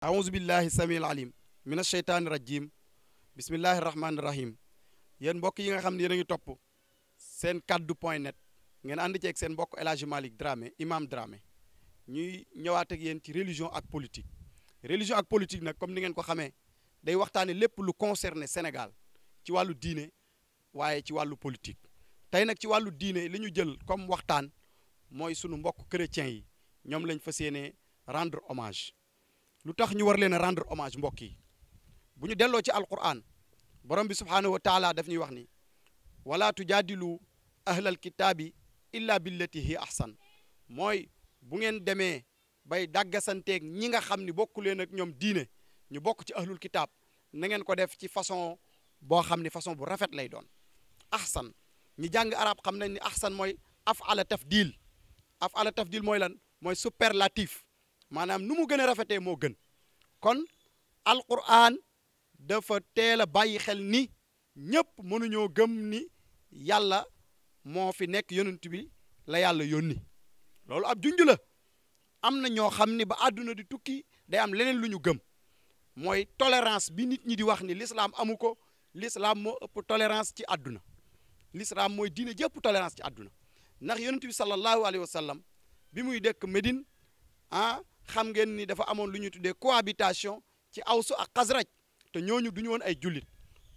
aouzu billahi samiil alim mina sheytaani rajim bismillahi rahmaani rahim yéen mbokk yi nga xam ne yéen a ngi topp seen kaddu point net ngeen ànd ceeg seen mbokk El Hadj Malick Dramé imam Dramé ñuy ñëwaat ak yéen ci religion ak politique religion ak politique nag comme ni ngeen ko xamee day waxtaane lépp lu concerné Sénégal ci wàllu diine waaye ci wàllu politique tey nag ci wàllu diine li ñu jël comme waxtaan mooy sunu mbokk chrétiens yi ñoom lañ fa yéene rendre hommage lu tax ñu war leen rendre hommage mbokk yi bu ñu delloo ci alquran borom bi subhaanahu wa taala daf ñuy wax ni wala tujaadilu ahlal kitaabi illa billati hi ahsan mooy bu ngeen demee bay dàggasanteeg ñi nga xam ni bokk leen ak ñoom diine ñu bokk ci ahlul kitaab na ngeen ko def ci façon boo xam ni façon bu rafet lay doon ahsan ñi jàng arab xam nañ ni ahsan mooy af afala tafdil afala tafdil mooy lan mooy superlatif maanaam nu mu gën a rafetee moo gën kon alquran dafa teel a bàyyi xel ni ñëpp mënuñoo gëm ni yàlla moo fi nekk yonent la yàlla yónni loolu ab junj la am na ñoo xam ni ba àdduna di tukki day am leneen lu ñu gëm mooy tolérance bi nit ñi di wax ni l'islam amu ko l'islam moo ëpp tolérance ci àdduna l'islam mooy diine jëpp tolérance ci àdduna ndax yonent bi sallallahu alayhi wa sallam bi muy dekk Médine ah xam ngeen ni dafa amoon lu ñuy tuddee cohabitation ci awsu ak xasraj te ñooñu du ñu woon ay jullit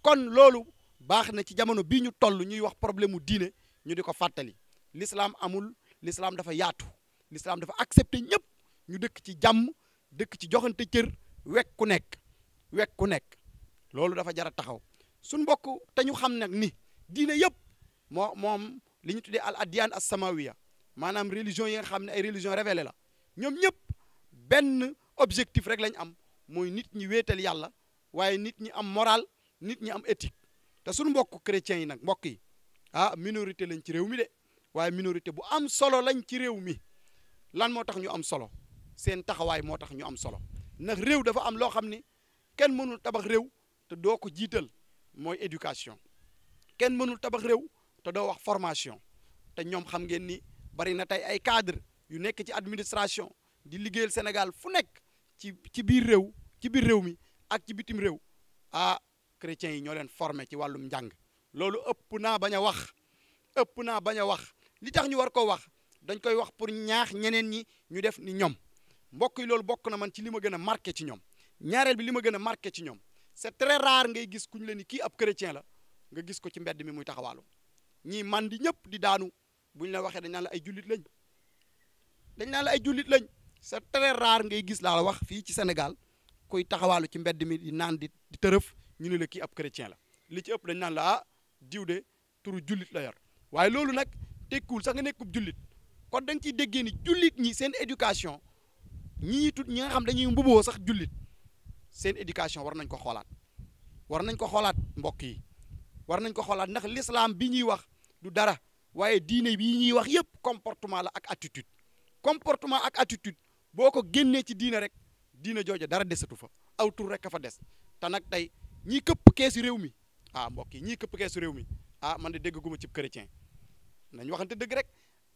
kon loolu baax na ci jamono bii ñu toll ñuy wax problème mu diine ñu di ko fàttali lislaam amul l'islam dafa yaatu l'islam dafa accepté ñëpp ñu dëkk ci jàmm dëkk ci joxante cër wekk ku nekk wekk ku nekk loolu dafa jar a taxaw suñ mbokk te ñu xam nag ni diine yëpp moo moom al as samawiya manam religion yi nga religion révélée la ñom ñep Ben, objectif rek lañ am moy nit ñi wétal yalla waye nit ñi am moral nit ñi am éthique té suñu mbokk chrétiens yi nak mbokk yi ah minorité lañ ci réew mi dé waye minorité bu am solo lañ ci réew mi lan une tax ñu am solo seen taxaway moo tax ñu am solo nak réew dafa am lo xamni mënul tabax réew te ko éducation mënul tabax réew te doo wax formation te ñoom xam ngeen ni bari na tey ay cadre yu nekk ci administration di liggéeyal Sénégal fu nekk ci ci biir réew ci biir réew mi ak ci bitim réew ah chrétiens yi ñoo leen formé ci wàllum njàng loolu ëpp naa bañ a wax ëpp naa bañ a wax li tax ñu war ko wax dañ koy wax pour ñaax ñeneen ñi ñu def ni ñoom mbokk yi loolu bokk na man ci li ma gën a marqué ci ñoom ñaareel bi li ma gën a marqué ci ñoom c'est très rare ngay gis ku ñu leen ni kii ab chrétien la nga gis ko ci mbedd mi muy taxawaalu ñi man di ñep di daanu buñ la waxe dañ na la ay julit lañ dañ na la ay julit lañ c'est très rare ngay gis la wax fi ci Sénégal kuy taxawalu ci mbedd mi di naan di di tërëf ñu ne la ki ab chrétien la li ci ëpp dañ la ah, de turu julit la yor waye lolu nak tekkul sax nga nekkub julit kon dañ ci déggé ni julit ñi seen éducation ñi tut ñi nga xam dañuy mbubo sax julit seen éducation war nañ ko xolaat war nañ ko xolaat mbokk yi war nañ ko xolaat ndax l'islam bi ñuy wax du dara waaye diine bii ñuy wax yëpp comportement la ak attitude comportement ak attitude boo ko génnee ci diine rek diine jooja dara desatu fa aw tur rek a fa des te nag tey ñii këpp keesu réew mi ah mbokk yi ñii këpp keesu réew mi ah man de dégg guma cib chrétien nañ waxante dëgg rek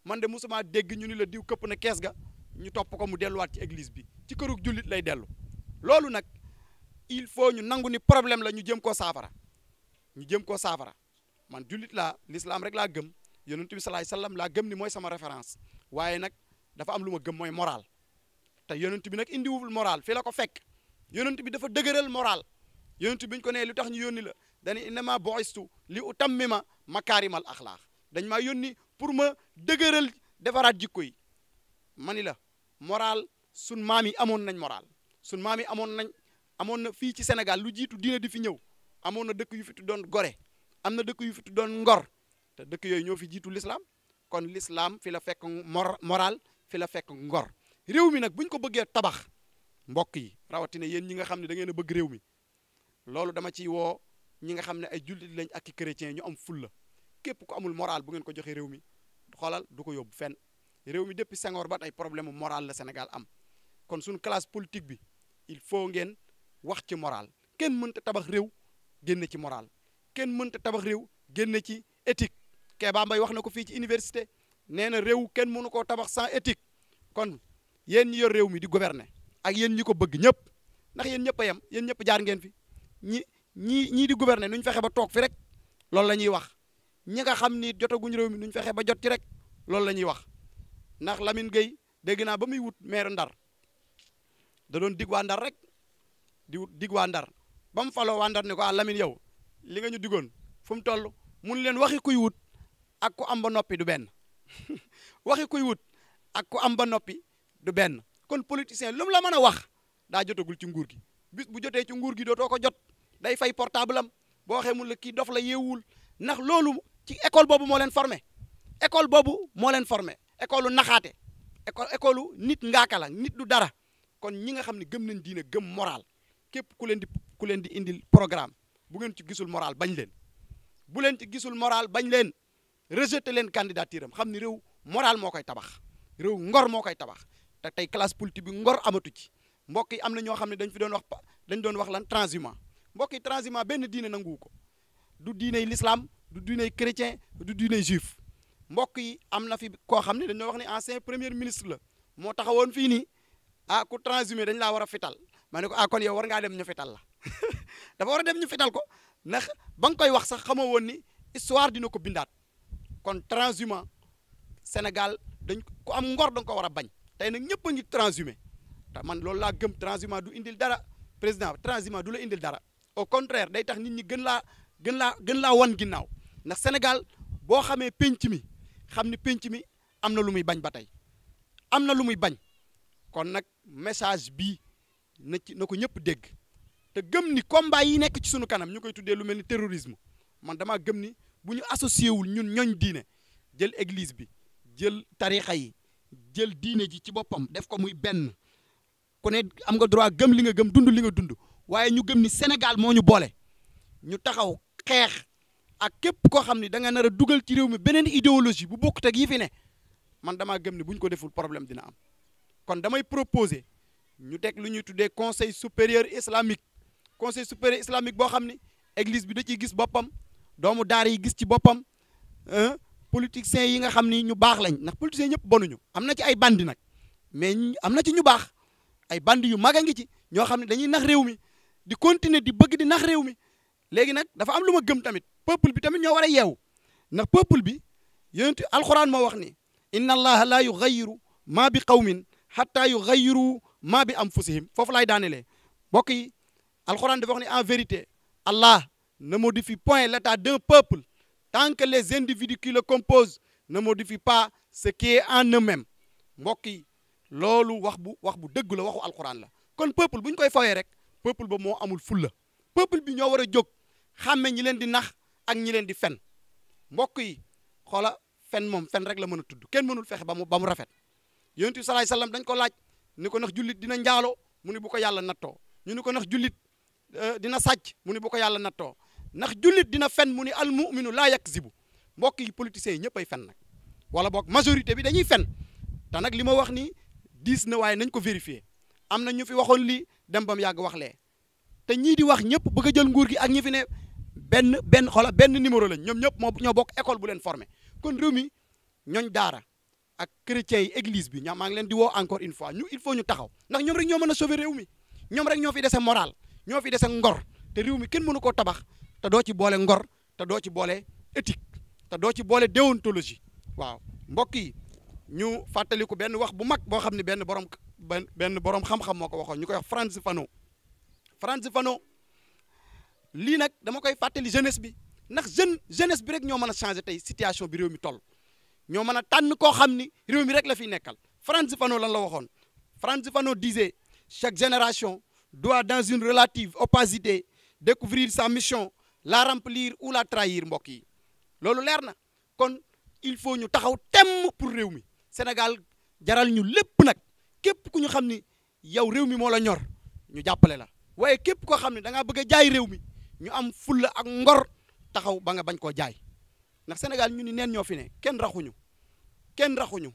man de musuma dégg ñu ni la diw këpp na kees ga ñu topp ko mu delluwaat ci église bi ci kërug jullit lay dellu loolu nag il faut ñu nangu ni problème la ñu jëm koo saafara ñu jëm koo saafara man julit la l'islam rek la gëm yonentou bi alayhi wasallam la gëm ni moy sama référence waye nak dafa am luma gëm moy moral te yonentou bi indi wul moral fi la ko fekk yonentou bi dafa degeural moral yonentou biñ ko ne lu ñu yoni la dani innama boistu li utammima al akhlaq dañ ma yoni pour ma degeural defaraat jikko yi manila Manila, moral sun mami amon nañ moral sun mami amon nañ amon na fii ci senegal lu jitu dina di fi ñew amon na dekk yu fi gore am na dëkk yu fi doon ngor te dëkk yooyu ñoo fi jiitu lislaam kon lislaam fi la fekk mor moral fi la fekk ngor réew mi nag bu ñu ko bëggee tabax mbokk yi rawatina yéen ñi nga xam ne da ngeen a bëgg réew mi loolu dama ciy woo ñi nga xam ne ay jullit lañ ak i ñu am fulla képp ku amul moral bu ngeen ko joxee réew mi xoolal du ko yóbbu fenn réew mi depuis Senghor ba tey problème mu moral la Sénégal am kon suñu classe politique bi il faut ngeen wax ci moral kenn mënta tabax réew génne ci moral mën ta tabax réew génne ci éthique keba Mbaye wax nako fi ci université néna na réew mënu ko tabax sans éthique kon yen ñi yor réew mi di gouverner ak yen ñi ko bëgg ñëpp ndax yen ñëpp yam yen ñëpp jaar ngeen fi ñi ñi di gouverner nuñ fexé ba tok fi rek lool lañuy wax ñi nga xamni ni jotaguñ réew mi nuñ fexé ba jot ci rek lool lañuy wax ndax Lamine Gueye dégg na ba muy wut maire Ndar da doon dig wa Ndar rek di dig wa Ndar bam falo wa Ndar ne ko a ah, Lamine yow li nga ñu digoon fu mu toll mun leen waxi kuy wut ak ku am ba noppi du benn waxi kuy wut ak ku am ba noppi du benn kon politicien lu mu la mën a wax daa jotagul ci nguur gi bis bu jotee ci nguur gi dootoo ko jot day fay portable am boo waxee yewul, la kii dof la yeewul ndax loolu ci école boobu moo leen formé école boobu moo leen formé école naxaate école école nit ngaaka la nit du dara kon ñi nga xam ne gëm nañ diine gëm moral képp ku leen di ku leen di indil programme bu ngeen ci gisul moral bañ leen bu leen ci gisul moral bañ leen rejeté leen candidature am xam ni réew moral moo koy tabax rew ngor moo koy tabax te tey classe politique bi ngor amatu ci mbokk yi am na ñoo xam ne dañ fi doon wax dañ doon wax lan transhumant mbokk yi transhumant benn diine nanguwu ko du diiney l'islam du diiney chrétien du diiney juif mbokk yi am na fi koo xam ne dañoo wax ne ancien premier ministre la moo taxawoon fii nii ah ku transhumé dañ laa war a fital ma ne ko ah kon yow war ngaa dem ñu fital la dafa war a dem ñu fetal ko ndax ba nga koy wax sax xamoo woon ni histoire dina ko bindaat kon transhumant Sénégal dañ ko am ngor da nga ko war a bañ tey nag ñëpp a ngi transhumé te man loolu laa gëm transhumant du indil dara président transhumant du la indil dara au contraire day tax nit ñi gën laa gën laa gën laa wan ginnaaw ndax Sénégal boo xamee pénc mi xam ni pénc mi am na lu muy bañ ba tey am na lu muy bañ kon nag message bi na ci na ko ñëpp dégg te gëm ni combat yi nekk ci sunu kanam ñu koy tuddee lu mel ni terrorisme man damaa gëm ni bu ñu associé wul ñun ñooñ diine jël église bi jël tarixa yi jël diine ji ci boppam def ko muy benn ku ne am nga droit gëm li nga gëm dund li nga dund waaye ñu gëm ni Sénégal moo ñu boole ñu taxaw xeex ak képp koo xam ne da nga nar a dugal ci réew mi beneen idéologie bu bokkut teg yi fi ne man damaa gëm ni bu ñu ko deful problème dina am kon damay proposer ñu teg lu ñuy tuddee conseil supérieur islamique conseil supérieur islamique boo xam ne eglise bi da ciy gis boppam doomu daar yi gis ci boppam politiciens yi nga xam ni ñu baax lañ ndax politiciens ñëpp bonuñu am na ci ay bandi nag mais am na ci ñu baax ay bandi yu mag a ngi ci ñoo xam ne dañuy nax réew mi di continuer di bëgg di nax réew mi léegi nag dafa am lu ma gëm tamit peuple bi tamit ñoo war a yeewu ndax peuple bi yonent alxuraan moo wax ni inna allaha la yugayiru maa bi qawmin xatta yugayiru maa bi anfusihim foofu laay daanelee mbokk yi al dafa wax en vérité Allah ne modifie point l'état d'un peuple tant que les individus qui le composent ne modifient pas ce qui est en eux-mêmes mbokk yi loolu wax bu wax bu la waxu alxuraan la kon peuple buñ koy fawee rek peuple ba mo amul peuple bi ño wara jog. xamé ñi leen di nax ak ñi leen di fen mbokk yi fen mom fen rek la mëna tuddu kenn mënul fexé ba mu ba mu rafet yonent sallallahu alayhi wasallam dañ ko laaj ni ko nax julit dina njaalo mu ni bu ko natto ñu ni ko nax julit Euh, dina sàcc mu ni bu ko yàlla nattoo ndax jullit dina fen mu ni al muminu laa yakzibu mbokk yi politiciens yi ñëpp ay fen nag wala boog majorité bi dañuy fen te nag li ma wax ni diis na waaye nañ ko vérifier am na ñu fi waxoon lii dem ba mu yàgg wax lee ta ñii di wax ñëpp bëgg a jël nguur gi ak ñi fi ne benn benn xoola benn numéro lañ ñoom ñëpp moo ñoo bokk école bu leen formé kon réew mi ñooñ daara ak chrétiens yi église bi ñaa maa di woo encore une fois ñu il faut ñu taxaw ndax ñoom rek ñoo mën a sauver réew mi ñoom rek ñoo fi dese moral ñoo fi dese ngor te réew mi kenn mënu koo tabax te doo ci boole ngor te doo ci boole éthique te doo ci boole déontologie waaw mbokk yi ñu fàttaliku benn wax bu mag boo xam ne benn borom benn borom xam-xam moo ko waxoon ñu koy wax Frantz Fanon Frantz Fanon lii nag dama koy fàttali jeunesse bi nag jeune jeunesse bi rek ñoo mën a changer tey situation bi réew mi toll ñoo mën a tànn koo xam ni réew mi rek la fiy nekkal Frantz Fanon lan la waxoon Frantz Fanon disait chaque génération doit dans une relative opacité découvrir sa mission la remplir ou la trahir mbokk yi loolu kon il faut ñu taxaw thème pour réew Sénégal jaral ñu lépp nag képp ku ñu xam ni yow réew mi ñor ñu jappalé la waaye képp ko xam da nga bëgg jaay réew mi ñu am ful ak ngor taxaw ba nga bañ ko jaay nak Sénégal ñu ni neen ñoo ken ne kenn raxuñu kenn raxuñu